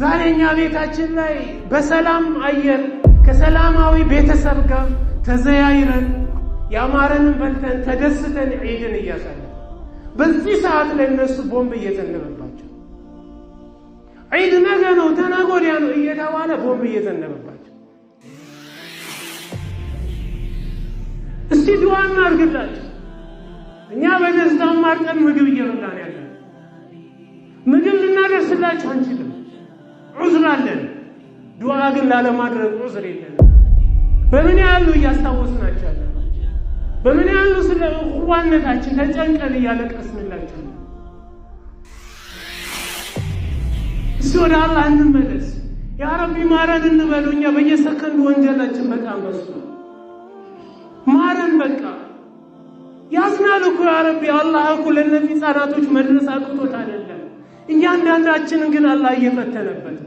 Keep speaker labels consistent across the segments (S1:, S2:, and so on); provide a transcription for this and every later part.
S1: ዛሬ እኛ ቤታችን ላይ በሰላም አየር ከሰላማዊ ቤተሰብ ጋር ተዘያይረን የአማረንን በልተን ተደስተን ዒድን እያሳለ በዚህ ሰዓት ላይ እነሱ ቦምብ እየዘነበባቸው ዒድ ነገ ነው ተነገ ወዲያ ነው እየተባለ ቦምብ እየዘነበባቸው፣ እስቲ ድዋ እናርግላቸው። እኛ በደስታ ማርጠን ምግብ እየበላን ያለን ምግብ ልናደርስላቸው አንችልም። ዑዝር አለን። ዱዓ ግን ላለማድረግ ዑዝር የለን። በምን ያህል ነው እያስታወስናቸው በምን ያህል ስለ እኹዋነታችን ተጨንቀን እያለቀስንላቸው? እስቲ ወደ አላህ እንመለስ። ያ ረቢ ማረን እንበለው እኛ በየሰከንዱ ወንጀላችን በጣም በሱ ማረን። በቃ ያዝናል እኮ ያ ረቢ። አላህ እኮ ለእነዚህ ህጻናቶች መድረስ አቅቶት አይደለም፣ እያንዳንዳችንን ግን አላህ እየፈተነበት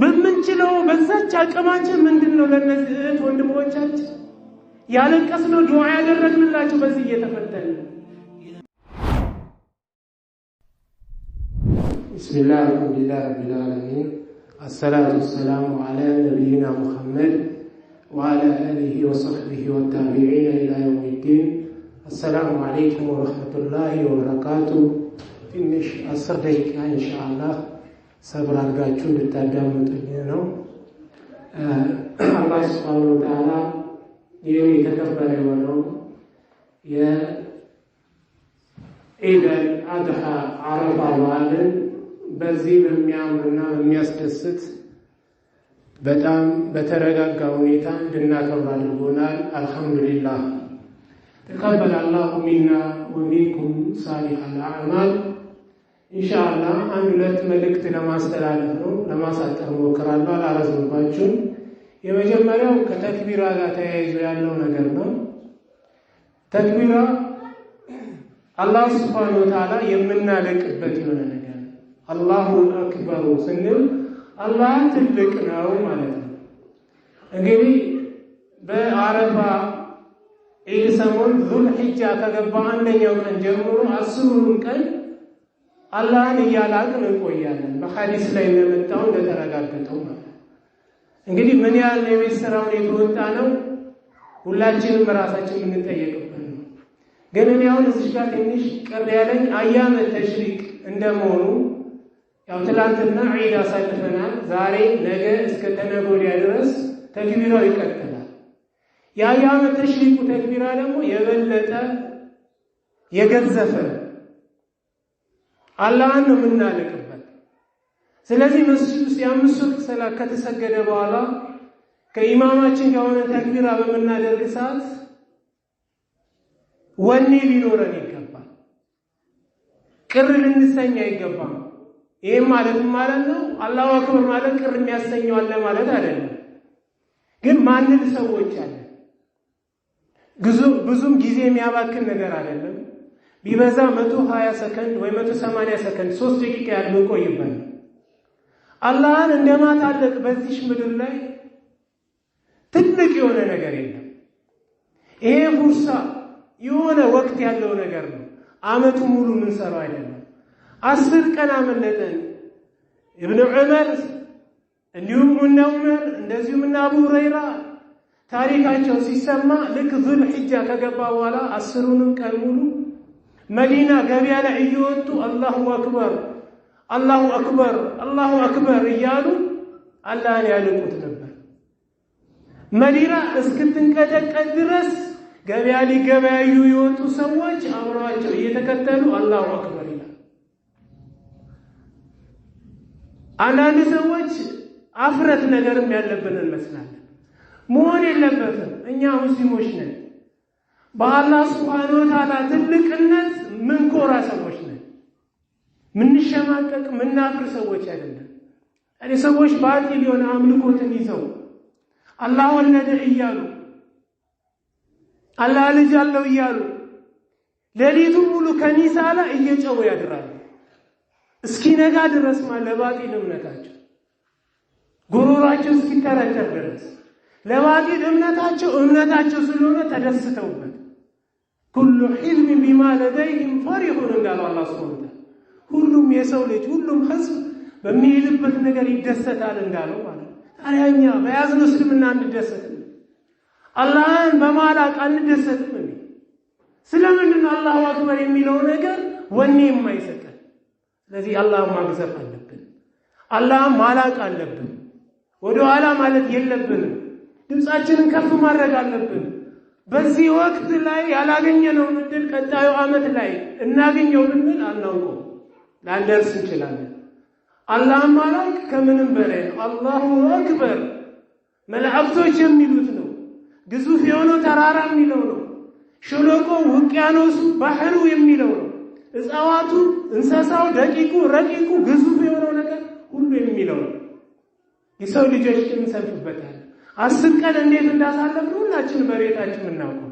S1: በምንችለው በዛች አቅማችን ምንድን ነው ለነዚህ እህት ወንድሞቻችን ያለቀስነው ዱዓ ያደረግንላቸው በዚህ እየተፈተነ
S2: ብስሚላህ አልሐምዱሊላህ ረቢል ዓለሚን አሰላቱ ወሰላሙ ዓላ ነቢይና ሙሐመድ ወዓላ አሊሂ ወሰሕቢሂ ወታቢዒና ኢላ የውሚዲን አሰላሙ አለይኩም ወረሕመቱላሂ ወበረካቱ ትንሽ አስር ደቂቃ ኢንሻአላህ ሰብር አድርጋችሁ እንድታዳምጡኝ ነው። አላህ ስብሓን ወተዓላ ይህ የተከበረ የሆነው የኢደል አድሃ አረፋ በዓልን በዚህ በሚያምርና በሚያስደስት በጣም በተረጋጋ ሁኔታ እንድናከብር አድርጎናል። አልሐምዱሊላህ ተቀበል አላሁ ሚና ወሚንኩም ሳሊሐል አዕማል ኢንሻአላ አንድ ሁለት መልእክት ለማስተላለፍ ነው ለማሳጠር ሞክራለሁ። አላረዝምባችሁም። የመጀመሪያው ከተክቢራ ጋር ተያይዞ ያለው ነገር ነው። ተክቢራ አላህ ሱብሓነሁ ወተዓላ የምናለቅበት የሆነ ነገር ነው። አላሁ አክበሩ ስንል አላህ ትልቅ ነው ማለት ነው። እንግዲህ በአረፋ ኢድ ሰሞን ከገባ አንደኛው ቀን ጀምሮ አስሩን ቀን አላህን እያላቅን እንቆያለን። በሐዲስ ላይ እንደመጣው እንደተረጋገጠው ማለት እንግዲህ ምን ያህል የቤት ስራውን የተወጣ ነው ሁላችንም ራሳችን የምንጠየቅበት ነው። ግን እኔ አሁን እዚህ ጋር ትንሽ ቅር ያለኝ አያመ ተሽሪቅ እንደመሆኑ ያው ትላንትና ዒድ አሳልፈናል። ዛሬ ነገ፣ እስከ ተነገ ወዲያ ድረስ ተክቢራው ይቀጥላል። የአያመ ተሽሪቁ ተክቢራ ደግሞ የበለጠ የገዘፈ አላህን ነው የምናልቅበት። ስለዚህ መስጂድ ውስጥ የአምስት ወቅት ሰላት ከተሰገደ በኋላ ከኢማማችን ከሆነ ተክቢራ በምናደርግ ሰዓት ወኔ ሊኖረን ይገባል። ቅር ልንሰኝ አይገባም። ይህም ማለት ማለት ነው አላሁ አክበር ማለት ቅር የሚያሰኘዋለ ማለት አይደለም። ግን ማንን ሰዎች አለ ብዙም ጊዜ የሚያባክን ነገር አይደለም። ቢበዛ መቶ ሀያ ሰከንድ ወይ መቶ ሰማንያ ሰከንድ ሶስት ደቂቃ ያህል ብንቆይበት አላህን እንደማታለቅ በዚሽ ምድር ላይ ትልቅ የሆነ ነገር የለም። ይሄ ፉርሳ የሆነ ወቅት ያለው ነገር ነው። አመቱ ሙሉ ምንሰራው አይደለም። አስር ቀን አመለጠን። እብን ዑመር እንዲሁም እነ ዑመር እንደዚሁም እነ አቡ ሁረይራ ታሪካቸው ሲሰማ ልክ ዙል ሒጃ ከገባ በኋላ አስሩንም ቀን ሙሉ መዲና ገበያ ላይ እየወጡ አላሁ አክበር አላሁ አክበር አላሁ አክበር እያሉ አላህን ያንቁት ነበር። መዲና እስክትንቀጠቀጥ ድረስ ገበያ ሊገበያዩ የወጡ ሰዎች አብረዋቸው እየተከተሉ አላሁ አክበር ይላል። አንዳንድ ሰዎች አፍረት ነገርም ያለብን እንመስላለን። መሆን የለበትም። እኛ ሙስሊሞች ነን። በአላህ ስብሓን ወተዓላ ትልቅነት ምንኮራ ሰዎች ነን። ምንሸማቀቅ ምናፍር ሰዎች አይደለም። እኔ ሰዎች ባጢል የሆነ አምልኮትን ይዘው አላህ ወለደ እያሉ አላህ ልጅ አለው እያሉ ሌሊቱ ሙሉ ከኒሳ ላይ እየጨው ያድራሉ። እስኪ ነጋ ድረስ ማ ለባጢል እምነታቸው ጉሮሯቸው እስኪተረተር ድረስ ለባጢል እምነታቸው እምነታቸው ስለሆነ ተደስተውበት ኩሉ ሒልም ቢማ ለደይህም ፈሪሑን እንዳለው አላ ስብን ሁሉም የሰው ልጅ ሁሉም ህዝብ በሚሄድበት ነገር ይደሰታል እንዳለው ማለት ታዲያ እኛ በያዝነው እስልምና አንደሰትም? አላህን በማላቅ አንደሰትም? ስለምንድን ነው አላሁ አክበር የሚለው ነገር ወኔ የማይሰጠን? ስለዚህ አላህን ማግዘፍ አለብን። አላህን ማላቅ አለብን። ወደኋላ ማለት የለብንም። ድምፃችንን ከፍ ማድረግ አለብን። በዚህ ወቅት ላይ ያላገኘነውን እድል ቀጣዩ ዓመት ላይ እናገኘው ብንል አናውቀው፣ ላንደርስ እንችላለን። አላህ ማላክ ከምንም በላይ ነው። አላሁ አክበር መላእክቶች የሚሉት ነው። ግዙፍ የሆነው ተራራ የሚለው ነው። ሸለቆ፣ ውቅያኖሱ፣ ባህሩ የሚለው ነው። እጽዋቱ፣ እንስሳው፣ ደቂቁ፣ ረቂቁ፣ ግዙፍ የሆነው ነገር ሁሉ የሚለው ነው። የሰው ልጆች እንሰንፍበታል። አስር ቀን እንዴት እንዳሳለፍን ሁላችን መሬታችን የምናውቀው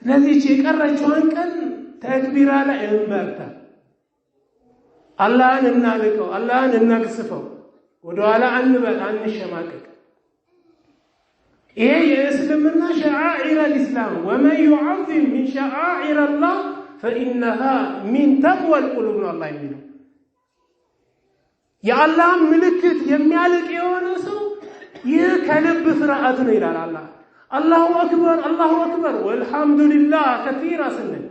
S2: ስለዚህ የቀረችዋን ቀን ተክቢራ ላይ እንበርታ፣ አላህን እናልቀው፣ አላህን እናቅስፈው፣ ወደኋላ አንበል፣ አንሸማቀቅ። ይሄ የእስልምና ሸዓኢር ልእስላም ወመን ዩዓዚም ምን ሸዓኢር ላህ ፈኢነሃ ሚን ተቅወል ቁሉብ ነው አላህ የሚለው የአላህን ምልክት የሚያልቅ የሆነ ሰው ይህ ከልብ ስርዓት ነው ይላል አላህ። አላሁ አክበር አላሁ አክበር ወልሐምዱሊላህ ከቲራ ስንል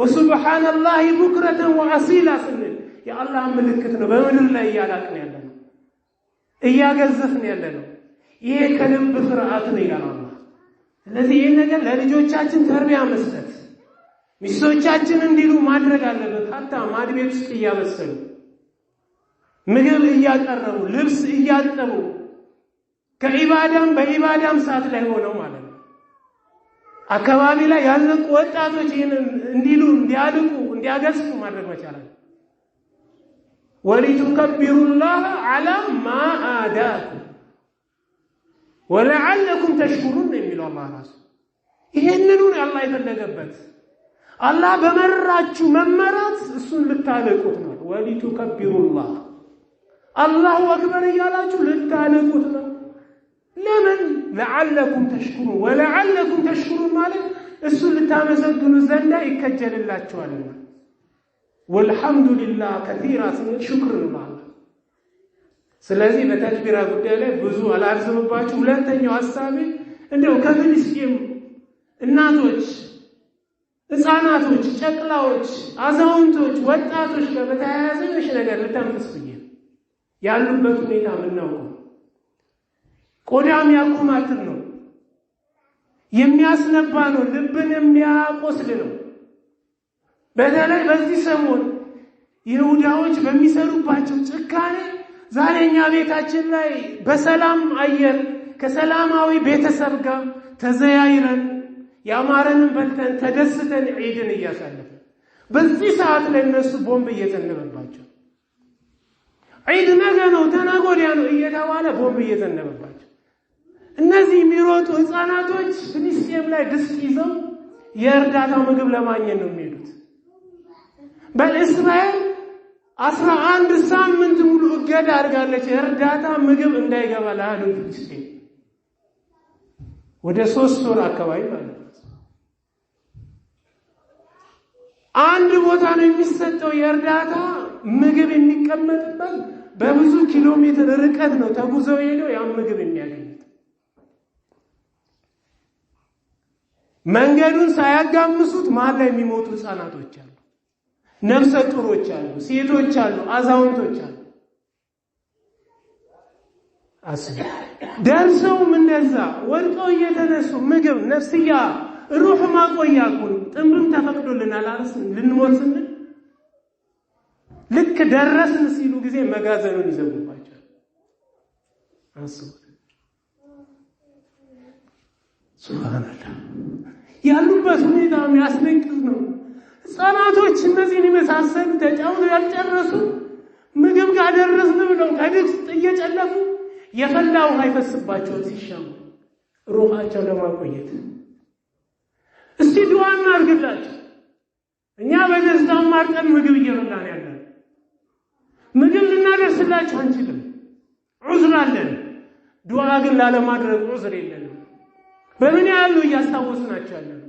S2: ወሱብሓነላሂ ቡክረተን ወአሲላ ስንል የአላህ ምልክት ነው። በምድር ላይ እያላቅን ያለ ነው፣ እያገዘፍን ያለ ነው። ይሄ ከልብ ፍርሃት ነው ይላል አላህ። ስለዚህ ይህ ነገር ለልጆቻችን ተርቢያ መስጠት ሚስቶቻችን እንዲሉ ማድረግ አለበት። ሀታ ማድቤ ውስጥ እያበሰሉ ምግብ እያቀረቡ ልብስ እያጠቡ ከኢባዳም በኢባዳም ሰዓት ላይ ሆነው ማለት ነው። አካባቢ ላይ ያለቁ ወጣቶች ይህንን እንዲሉ እንዲያልቁ እንዲያገዝፉ ማድረግ መቻላል። ወሊቱከቢሩላህ አላ ማ አዳኩም ወለዓለኩም ተሽኩሩን የሚለው አላህ ራሱ ይህንኑን አላህ የፈለገበት አላህ በመራችሁ መመራት እሱን ልታልቁት ነው። ወሊቱከቢሩላህ አላሁ አክበር እያላችሁ ልታልቁት ነው። ለምን ለዓለኩም ተሽኩሩ ወለዓለኩም ተሽኩሩ ማለት እሱን ልታመሰግኑ ዘንዳ ይከጀልላችኋልና። ወልሐምዱሊላህ ከቲራ ስንል ሽክር ማለት ስለዚህ በተክቢራ ጉዳይ ላይ ብዙ አላርዝምባችሁ። ሁለተኛው ሀሳቤ እንደው ከፍልስጤም እናቶች፣ ህፃናቶች፣ ጨቅላዎች፣ አዛውንቶች፣ ወጣቶች ጋር በተያያዘ ነገር ልታምስብኝ ያሉበት ሁኔታ ምናውቀው ቆዳም ያቁማትን ነው የሚያስነባ ነው። ልብን የሚያቆስል ነው። በተለይ በዚህ ሰሞን ይሁዳዎች በሚሰሩባቸው ጭካኔ ዛሬ እኛ ቤታችን ላይ በሰላም አየር ከሰላማዊ ቤተሰብ ጋር ተዘያይረን ያማረንን በልተን ተደስተን ዒድን እያሳለፍን በዚህ ሰዓት ላይ እነሱ ቦምብ እየዘነበባቸው ዒድ ነገ ነው ተነገ ወዲያ ነው እየተባለ ቦምብ እየዘነበባቸው እነዚህ የሚሮጡ ህፃናቶች ፍልስጤም ላይ ድስት ይዘው የእርዳታው ምግብ ለማግኘት ነው የሚሄዱት። በእስራኤል አስራ አንድ ሳምንት ሙሉ እገዳ አድርጋለች። የእርዳታ ምግብ እንዳይገባ ለአህዱ ፍልስጤም ወደ ሶስት ወር አካባቢ ማለት አንድ ቦታ ነው የሚሰጠው የእርዳታ ምግብ የሚቀመጥበት። በብዙ ኪሎ ሜትር ርቀት ነው ተጉዘው ሄደው ያን ምግብ የሚያገኝ መንገዱን ሳያጋምሱት መሀል ላይ የሚሞቱ ህፃናቶች አሉ፣ ነፍሰ ጡሮች አሉ፣ ሴቶች አሉ፣ አዛውንቶች አሉ። አስቡ። ደርሰውም እንደዛ ወድቀው እየተነሱ ምግብ፣ ነፍስያ፣ ሩህ ማቆያኩን ጥንብም ተፈቅዶልናል አላስም ልንሞት ስንል ልክ ደረስን ሲሉ ጊዜ መጋዘኑን ይዘጉባቸዋል። አስቡ። ሱብሃንአላህ ያሉበት ሁኔታ የሚያስደንቅ ነው። ህፃናቶች እነዚህን የመሳሰሉ ተጫውተው ያልጨረሱ ምግብ ጋር ደረስን ብለው ከድስት እየጨለፉ የፈላ ውሃ አይፈስባቸውም ሲሻሙ ሩሃቸው ለማቆየት እስቲ ድዋ እናድርግላቸው። እኛ በደስታ ማርጠን ምግብ እየበላን ያለን ምግብ ልናደርስላቸው አንችልም፣ ዑዝር አለን። ዱዓ ግን ላለማድረግ ዑዝር የለን። በምን ያህል ነው እያስታወስናቸው ያለ ነው?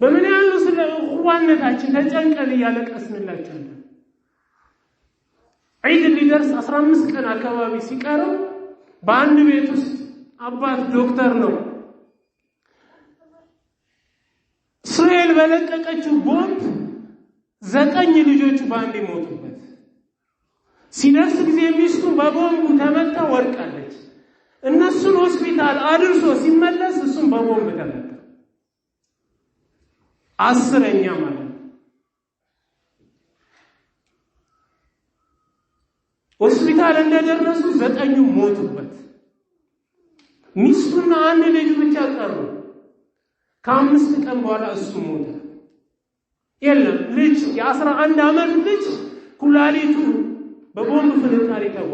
S2: በምን ያህል ስለ እኹዋነታችን ተጨንቀን እያለቀስንላቸው ያለ ነው? ዒድ ሊደርስ 15 ቀን አካባቢ ሲቀረው በአንድ ቤት ውስጥ አባት ዶክተር ነው። እስራኤል በለቀቀችው ቦምብ ዘጠኝ ልጆቹ በአንድ ሞቱበት። ሲደርስ ጊዜ ሚስቱ በቦምቡ ተመታ ወድቃለች። እነሱን ሆስፒታል አድርሶ ሲመለስ እሱም በቦምብ ተመታ። አስረኛ ማለት ነው። ሆስፒታል እንደደረሱ ዘጠኙ ሞቱበት። ሚስቱና አንድ ልጁ ብቻ ቀሩ። ከአምስት ቀን በኋላ እሱ ሞተ። የለም ልጅ የአስራ አንድ ዓመት ልጅ ኩላሊቱ በቦምብ ፍንጣሪ ተቦ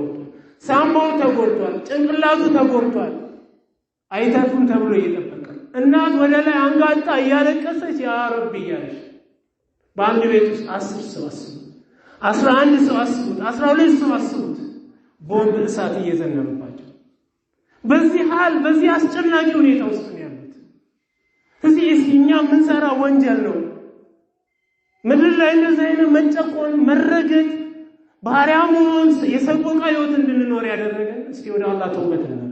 S2: ሳምቦ ተጎድቷል፣ ጭንቅላቱ ተጎድቷል። አይተርፉም ተብሎ እየጠበቀ እናት ወደ ላይ አንጋጣ እያለቀሰች ያረብ እያለች በአንድ ቤት ውስጥ አስር ሰው አስቡት፣ አስራ አንድ ሰው አስቡት፣ አስራ ሁለት ሰው አስቡት። ቦምብ እሳት እየዘነበባቸው በዚህ ሀል በዚህ አስጨናቂ ሁኔታ ውስጥ ነው ያሉት። እዚህ እኛ ምንሰራ ወንጀል ነው። ምድር ላይ እንደዚህ አይነት መጨቆን መረገጥ ባህሪያ የሰቆቃ ህይወት እንድንኖር ያደረገ እስቲ ወደ አላህ ተውበት ነበር።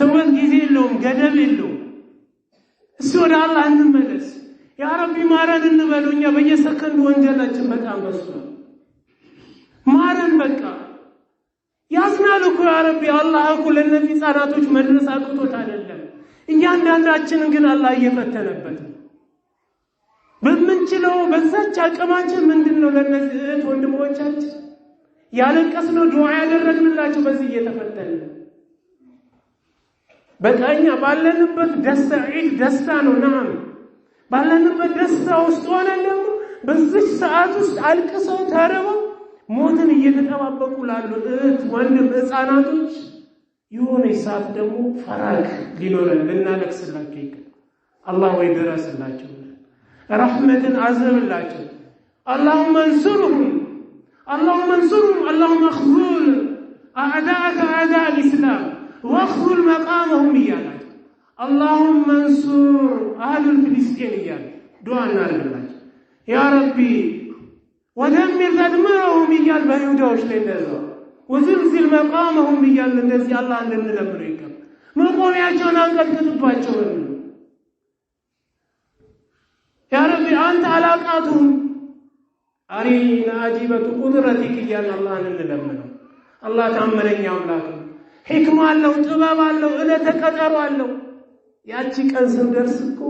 S2: ተውበት ጊዜ የለውም፣ ገደብ የለውም። እስቲ ወደ አላህ እንመለስ። ያ ረቢ ማረን እንበለው። እኛ በየሰከንዱ ወንጀላችን በጣም በዝቷል። ማረን በቃ ያዝናል እኮ ያ ረቢ። አላህ እኮ ለእነዚህ ህፃናቶች መድረስ አቅቶት አይደለም። እያንዳንዳችንን ግን አላህ እየፈተነበት በምንችለው በዛች አቅማችን ምንድን ነው ለእነዚህ እህት ወንድሞቻችን ያለቀስነው ዱዓ ያደረግንላቸው በዚህ እየተፈተነ ነው። በቃ እኛ ባለንበት ደስታ ዒድ ደስታ ነው። ናም ባለንበት ደስታ ውስጥ ሆነን ደግሞ በዚች ሰዓት ውስጥ አልቅሰው ተርበው ሞትን እየተጠባበቁ ላሉ እህት ወንድም ህፃናቶች የሆነ ሰዓት ደግሞ ፈራግ ሊኖረን ልናለቅስላቸው ይገባል። አላህ ወይ ድረስላቸው። ረሕመትን አዘንላቸው። አላሁመ እንሱርሁም አላሁመ እንሱርሁም አላሁመ እኽዙል አዕዳአከ አዕዳ አልእስላም ወእኽዙል መቃመሁም እያላቸው አላሁመ እንሱር አህሉል ፍልስጤን እያለ ዱዓ እናደርግላቸው። ያ ረቢ ወደሚር ተድምረሁም እያል በይሁዳዎች ላይ እንደዛ ወዝልዝል መቃመሁም እያል እንደዚህ አላህ እንድንለምነው ይገባል። መቆሚያቸውን አንቀጥቅጥባቸውን ያ ረቢ አንተ አላቃቱም። አሪና አጂበቱ ቁድረቲክ እያልን አላህን እንለምነው። አላህ ታመነኛ አምላክ ነው። ሕክማ አለው፣ ጥበብ አለው፣ ዕለተ ቀጠሮ አለው። ያቺ ቀን ስንደርስ እኮ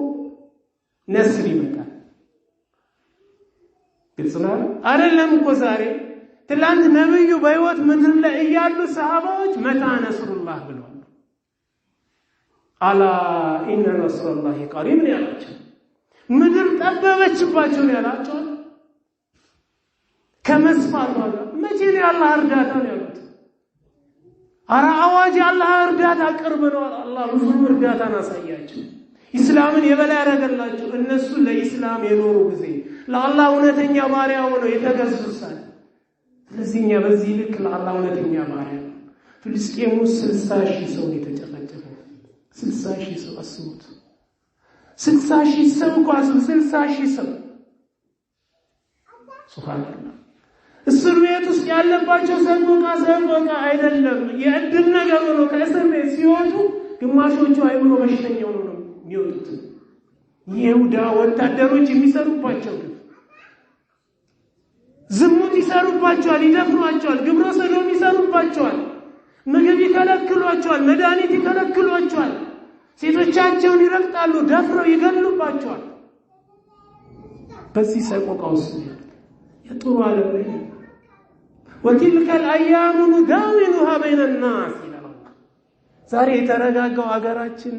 S2: ነስር ይመጣል። ግልጽ ነው አይደለም እኮ ዛሬ ትላንት ነብዩ በህይወት ምድር ላይ እያሉ ሰሃባዎች መታ ነስሩላህ ብለዋል። አላ ኢነ ነስሩላሂ ቀሪብ ነው ያላቸው። ምድር ጠበበችባቸው ነው ያላቸው። ከመስፋቷ ጋር መቼ ነው የአላህ እርዳታ ነው ያሉት። አረ አዋጅ የአላህ እርዳታ ቅርብ ነው። አላህ ብዙ እርዳታን አሳያቸው። ኢስላምን የበላይ ያደረገላቸው እነሱ ለኢስላም የኖሩ ጊዜ ለአላህ እውነተኛ ባሪያ ሆነው የተገዙሳል። ስለዚህ እኛ በዚህ ልክ ለአላህ እውነተኛ ባሪያ ፍልስጤም ውስጥ ስልሳ ሺህ ሰው የተጨፈጨፈ ስልሳ ሺህ ሰው አስቡት። ስልሳ ሺህ ስም ስልሳ ሺህ ስም ሱብሃንአላህ። እስር ቤት ውስጥ ያለባቸው ሰቆቃ አይደለም፣ የእድል ነገር ነው። ከእስር ቤት ሲወጡ ግማሾቹ አይምሮ በሽተኛ ነው የሚወጡት። ይሁዳ ወታደሮች የሚሰሩባቸው ዝሙት ይሰሩባቸዋል፣ ይደፍሯቸዋል፣ ግብረ ሰዶም ይሰሩባቸዋል፣ ምግብ ይከለክሏቸዋል፣ መድኃኒት ሴቶቻቸውን ይረግጣሉ፣ ደፍረው ይገሉባቸዋል። በዚህ ሰቆቃ ውስጥ የጥሩ ዓለም ላይ ወቲልከ ልአያሙ ኑዳዊሉሃ በይነ ናስ ይላል። ዛሬ የተረጋጋው አገራችን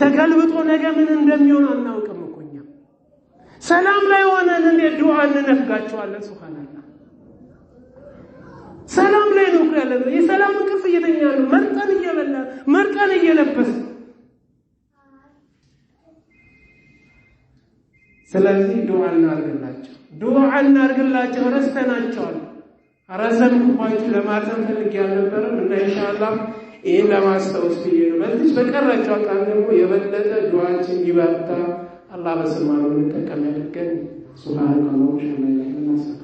S2: ተገልብጦ ነገ ምን እንደሚሆን አናውቅም እኮ እኛ። ሰላም ላይ ሆነን እንዴት ዱዓ እንነፍጋቸዋለን? ሱብሃንአላህ ሰላም ላይ ነው ያለ ነው። የሰላም ስለዚህ ዱዓ እናርግላቸው፣ ዱዓ እናርግላቸው። ረስተናቸዋል። አረዘምኩባችሁ ለማዘን ፈልጌ አልነበረም እና ኢንሻአላህ ይህን ለማስታወስ ብዬ ነው። በዚህ በቀራቸው አቃን ደግሞ የበለጠ ዱዓችን ይበርታ። አላህ በስማኑ እንጠቀም ያደርገን። ሱብሃንአላህ ወሸመላ